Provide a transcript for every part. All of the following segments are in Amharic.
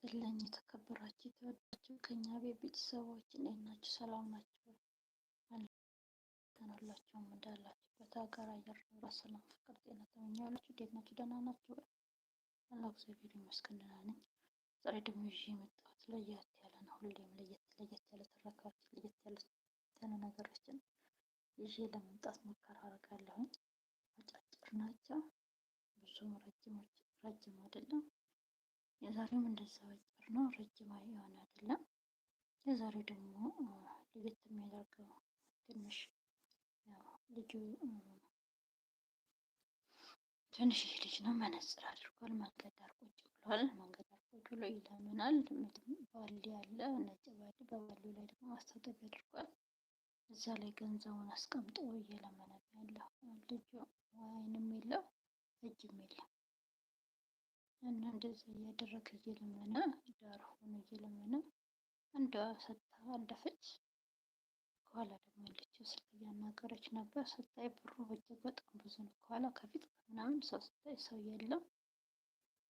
ይስጥልኝ የተከበራችሁ የተወዳችሁ ከኛ ቤት ቤተሰቦች እንዴት ናችሁ? ሰላም ናችሁ? አላችሁም እንዳላችሁበት ሀገር አየር ንብረት ሰላም፣ ፍቅር፣ ጤና ተመኛላችሁ። እንዴት ናችሁ? ደህና ናችሁ? አላህ እግዚአብሔር ይመስገን ደህና ነኝ። ዛሬ ደግሞ ይዤ የመጣሁት ለየት ያለ ነው። ሁሌም ለየት ለየት ያለ ትረካዎች፣ ለየት ያለ ነገሮችን ይዤ ለመምጣት ሙከራ አደርጋለሁኝ። አጫጭር ናቸው ብዙም ረጅም አይደለም። የዛሬውም እንደዛው አጭር ነው፣ ረጅም የሆነ አይደለም። የዛሬው ደግሞ ለየት የሚያደርገው ትንሽ ልጁ ትንሽ ልጅ ነው፣ መነጽር አድርጓል። መንገድ ዳር ቁጭ ብሏል። መንገድ ዳር ቁጭ ብሎ ይለምናል። ባሊ አለ፣ ነጭ ባሊ፣ በባሊው ላይ ደግሞ ማስታጠቢያ አድርጓል። እዛ ላይ ገንዘቡን አስቀምጦ እየለመነ ያለው ልጁ አይንም የለው እጅም የለው። እና እንደዚህ እያደረገ እየለመነ ዳር ሆኖ እየለመነ አንዷ ሰታ አለፈች። ከኋላ ደግሞ ያለችው ስልክ እያናገረች ነበር። ስታይ ብሩ በእጅግ በጣም ብዙ ነው። ከኋላ ከፊት ምናምን ሰው ስታይ ሰው የለም፣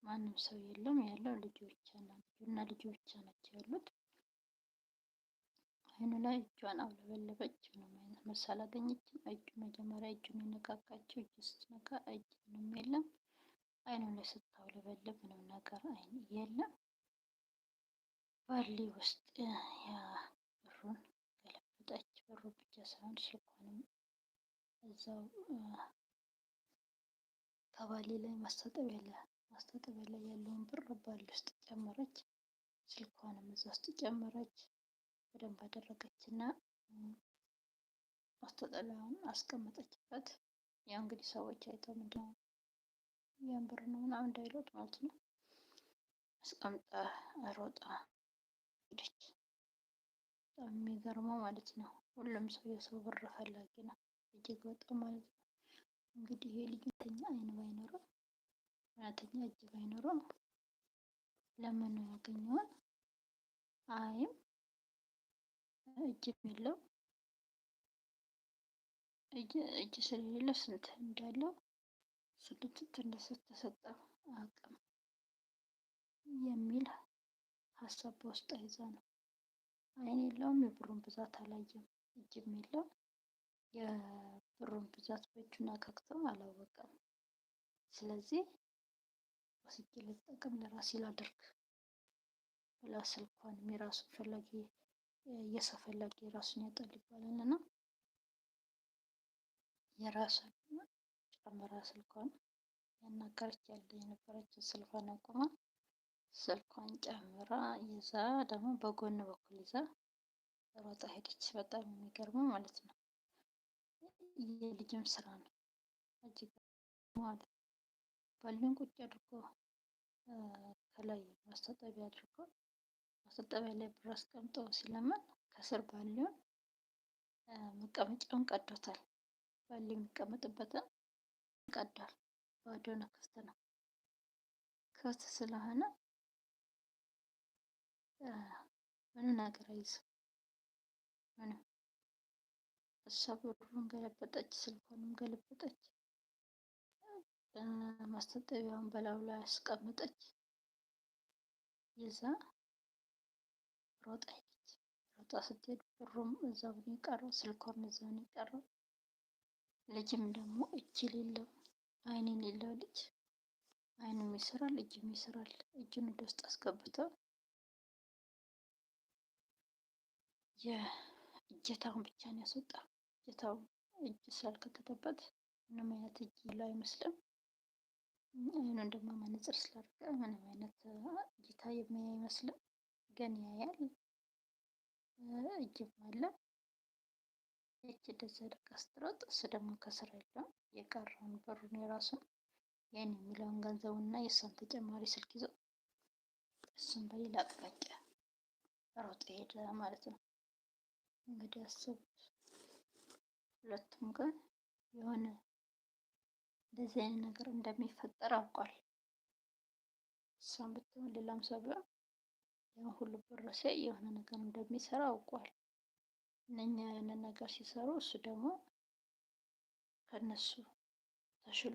ማንም ሰው የለም። ያለው ልጅ ብቻ እና ልጅ ብቻ ናቸው ያሉት። አይኑ ላይ እጇን አውለበለበች። ምንም አይነት መሳል አላገኘችም። እጁ መጀመሪያ እጁን የነካካችው እጅ ስትነካ እጅ ምንም የለም። አይኑ ላይ ስታውለበለብ ምንም ነገር አይን የለም። ባሊ ውስጥ ያ ብሩን ገለበጠች። ብሩ ብቻ ሳይሆን ስልኳንም እዛው ከባሊ ላይ ማስታጠቢያ ላይ ያለውን ብር ባሊ ውስጥ ጨመረች። ስልኳንም እዛ ውስጥ ጨመረች። በደንብ አደረገች እና ማስታጠቢያውን አስቀመጠችበት። ያው እንግዲህ ሰዎች አይተው ምንድነው ያን ብር ነው ምናምን እንዳይሉት ማለት ነው። አስቀምጣ ሮጣ ሄደች። በጣም የሚገርመው ማለት ነው። ሁሉም ሰው የሰው ብር ፈላጊ ነው። እጅግ በጣም ማለት ነው። እንግዲህ ይሄ ልጅ እውነተኛ አይን ባይኖረው፣ እውነተኛ እጅ ባይኖረው ለምን ያገኘዋል? አይም እጅም የለው እጅ ስለሌለው ስንት እንዳለው ስልችት እንደተሰጠ አቅም የሚል ሀሳብ በውስጥ ይዛ ነው። አይን የለውም፣ የብሩን ብዛት አላየም። እጅም የለውም፣ የብሩን ብዛት በእጁን አካክቶ አላወቀም። ስለዚህ ወስጄ ልጠቀም ለራሴ ላድርግ ብላ ስልኳን የራሱ ፈላጊ የሰው ፈላጊ የራሱን ያጣል ይባላል እና የራሱን ነበረ ስልኳን ያናገረች ያለ የነበረችው ስልኳን አቁማ ስልኳን ጨምራ ይዛ ደግሞ በጎን በኩል ይዛ ሮጣ ሄደች። በጣም የሚገርመው ማለት ነው። የልጅም ስራ ነው እጅግ ማለት ቁጭ አድርጎ ከላይ ማስታጠቢያ አድርጎ ማስታጠቢያ ላይ ብር አስቀምጦ ሲለምን ከስር ባሌውን መቀመጫውን ቀዶታል። ባሌ የሚቀመጥበትን ይቀዳል። ባዶ ነው፣ ክፍት ነው። ክፍት ስለሆነ ምንም ነገር አይዝም። ምንም እሷ ብሩን ገለበጠች፣ ስልኳንም ገለበጠች፣ ማስታጠቢያውን በላዩ ላይ አስቀምጠች። ይዛ ሮጣ ሄደች። ሮጣ ስትሄድ ብሩም እዛው ነው የቀረው፣ ስልኮን እዛው ነው የቀረው። ልጅም ደግሞ እጅ የሌለው አይን የሌለው ልጅ አይኑ ይስራል፣ እጅም ይስራል። እጁን ወደ ውስጥ አስገብተው የእጀታውን ብቻ ነው ያስወጣው። እጀታው እጅ ስላልከተተበት ምንም አይነት እጅ ያለው አይመስልም። አይኑን ደግሞ መነጽር ስላደረገ ምንም አይነት እይታ የሚያይ አይመስልም፣ ግን ያያል። እጅም አለ። ይች እንደዚህ አድርጋ ስትሮጥ እሱ ደግሞ ከስራ የለውም የቀረውን ብሩን የራሱን የኔ የሚለውን ገንዘቡን እና የእሷን ተጨማሪ ስልክ ይዞ እሱን በሌላ አቅጣጫ ሮጦ ሄደ ማለት ነው። እንግዲህ አስቡት ሁለቱም ግን የሆነ እንደዚህ አይነት ነገር እንደሚፈጠር አውቋል። እሷም ብትሆን ሌላም ሰው ቢሆን ያን ሁሉ ብር ሲያይ የሆነ ነገር እንደሚሰራ አውቋል። እነኛ ያንን ነገር ሲሰሩ እሱ ደግሞ ከነሱ ተሽሎ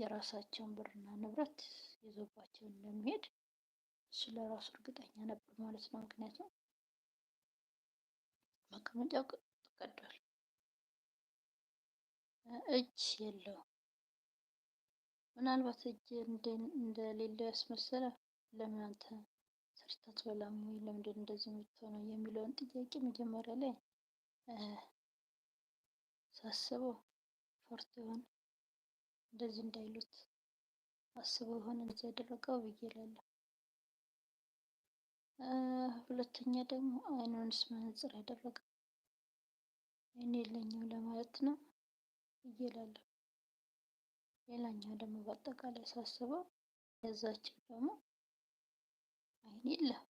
የራሳቸውን ብርና ንብረት ይዞባቸው እንደሚሄድ እሱ ለራሱ እርግጠኛ ነበር ማለት ነው። ምክንያቱም መቀመጫው ተቀዷል፣ እጅ የለው። ምናልባት እጅ እንደሌለው ያስመሰለ ለምን አንተ ሰርታ ትበላም ወይ ለምንድን እንደዚህ የምትሆነው የሚለውን ጥያቄ መጀመሪያ ላይ ሳስበው ፈርቶ ይሆን እንደዚህ እንዳይሉት አስበው ይሆን እንደዚህ ያደረገው ብዬ እላለሁ። ሁለተኛ ደግሞ አይኑንስ መነጽር ያደረገው አይን የለኝም ለማለት ነው ብዬ እላለሁ። ሌላኛው ደግሞ በአጠቃላይ ሳስበው ያዛችን ደግሞ አይን የለም።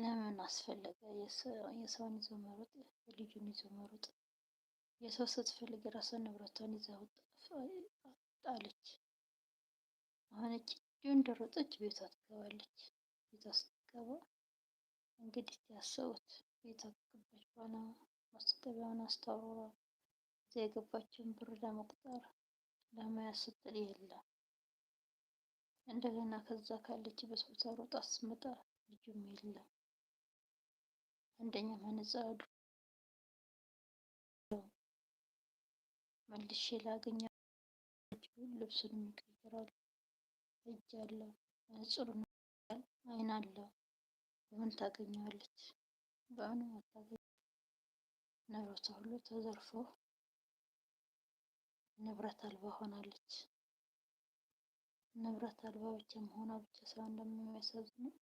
ለምን አስፈለገ? የሰውን ይዞ መሮጥ፣ ልጁን ይዞ መሮጥ። የሰው ስትፈልግ የራሷን ንብረቷን ይዛ ጣለች። አሁን እቺ እንደሮጠች ቤቷ ትገባለች። ቤቷ ስትገባ እንግዲህ ያሰቡት ቤቷ ከገባች በኋላ ማስጠቢያውን አስተውሯል። እዛ የገባችውን ብር ለመቁጠር ለመያዝ ስትል የለም እንደገና ከዛ ካለች ቦታ ሮጣ ስመጣ ልጁም የለም። አንደኛ መነጽር አድርጎ መልሼ ላገኛ ልብሱንም ይቀይራሉ። እጅ አለው፣ መነጽሩን አይን አለው። በምን ታገኘዋለች? በምንም አታገኝ። ንብረቷ ሁሉ ተዘርፎ ንብረት አልባ ሆናለች። ንብረት አልባ ብቻ መሆኗ ብቻ ሳይሆን ደግሞ የሚያሳዝነው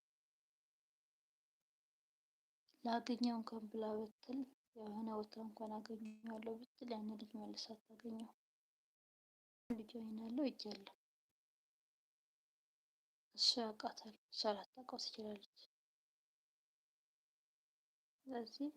ላገኘው እንኳን ብላ ብትል የሆነ ቦታ እንኳን አገኘዋለሁ ብትል ያን ልጅ መልሳ አታገኘው። ልጅ አይን አለው እጅ አለው። እሱ ያውቃታል፣ እሷ ላታውቀው ትችላለች። ስለዚህ